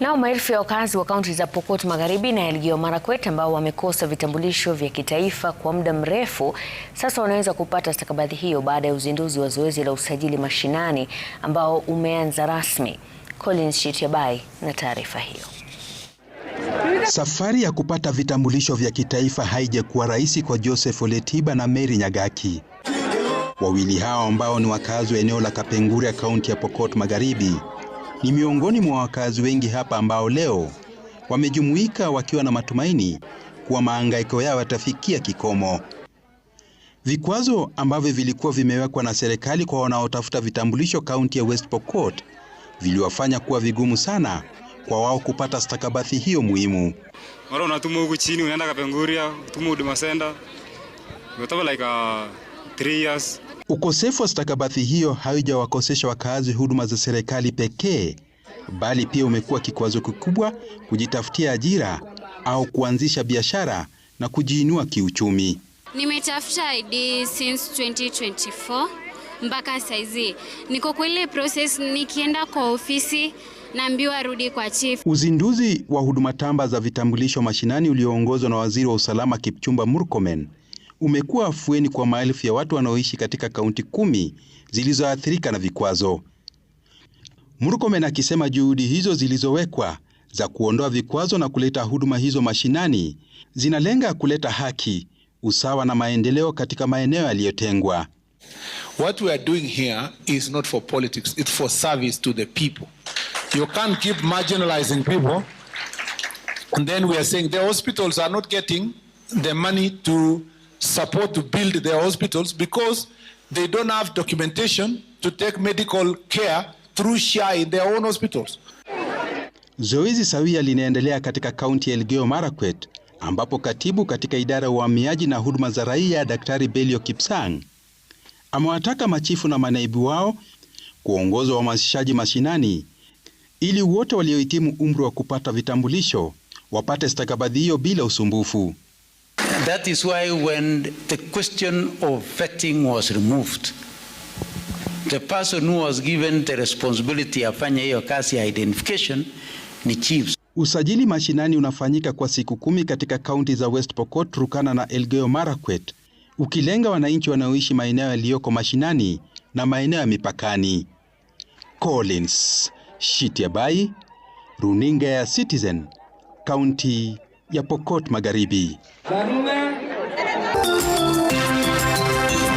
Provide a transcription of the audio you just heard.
Nao maelfu ya wakazi wa kaunti za Pokot Magharibi na Elgeyo Marakwet ambao wamekosa vitambulisho vya kitaifa kwa muda mrefu sasa wanaweza kupata stakabadhi hiyo baada ya uzinduzi wa zoezi la usajili mashinani ambao umeanza rasmi. Collins Shitiabai na taarifa hiyo. Safari ya kupata vitambulisho vya kitaifa haijakuwa rahisi kwa Joseph Oletiba na Mary Nyagaki. Wawili hao ambao ni wakazi wa eneo la Kapenguria, kaunti ya Pokot Magharibi ni miongoni mwa wakazi wengi hapa ambao leo wamejumuika wakiwa na matumaini kuwa mahangaiko yao yatafikia kikomo. Vikwazo ambavyo vilikuwa vimewekwa na serikali kwa wanaotafuta vitambulisho kaunti ya West Pokot viliwafanya kuwa vigumu sana kwa wao kupata stakabadhi hiyo muhimu. Mara unatuma huku chini, unaenda Kapenguria, utuma Huduma Center, like a uh, three years. Ukosefu wa stakabadhi hiyo haijawakosesha wakaazi huduma za serikali pekee, bali pia umekuwa kikwazo kikubwa kujitafutia ajira au kuanzisha biashara na kujiinua kiuchumi. Nimetafuta ID since 2024 mpaka saizi niko kwa ile process, nikienda kwa ofisi naambiwa rudi kwa chief. Uzinduzi wa huduma tamba za vitambulisho mashinani ulioongozwa na waziri wa usalama Kipchumba Murkomen umekuwa afueni kwa maelfu ya watu wanaoishi katika kaunti kumi zilizoathirika na vikwazo. Murkomen akisema juhudi hizo zilizowekwa za kuondoa vikwazo na kuleta huduma hizo mashinani zinalenga kuleta haki, usawa na maendeleo katika maeneo yaliyotengwa. What we are doing here is not for politics, it's for service to the people. You can't keep marginalizing people. And then we are saying the hospitals are not getting the money to support to build their hospitals because they don't have documentation to take medical care through SHA in their own hospitals. Zoezi sawia linaendelea katika kaunti ya Elgeyo Marakwet ambapo katibu katika idara ya uhamiaji na huduma za raia Daktari Belio Kipsang amewataka machifu na manaibu wao kuongoza uhamasishaji mashinani ili wote waliohitimu umri wa kupata vitambulisho wapate stakabadhi hiyo bila usumbufu that is why when the question of vetting was removed, the person who was given the responsibility afanye hiyo kazi ya identification ni chiefs. Usajili mashinani unafanyika kwa siku kumi katika kaunti za West Pokot, rukana na Elgeyo Marakwet, ukilenga wananchi wanaoishi maeneo yaliyoko mashinani na maeneo ya mipakani. Collins Shitiabai, Runinga ya Citizen, Kaunti ya Pokot Magharibi. Daniel.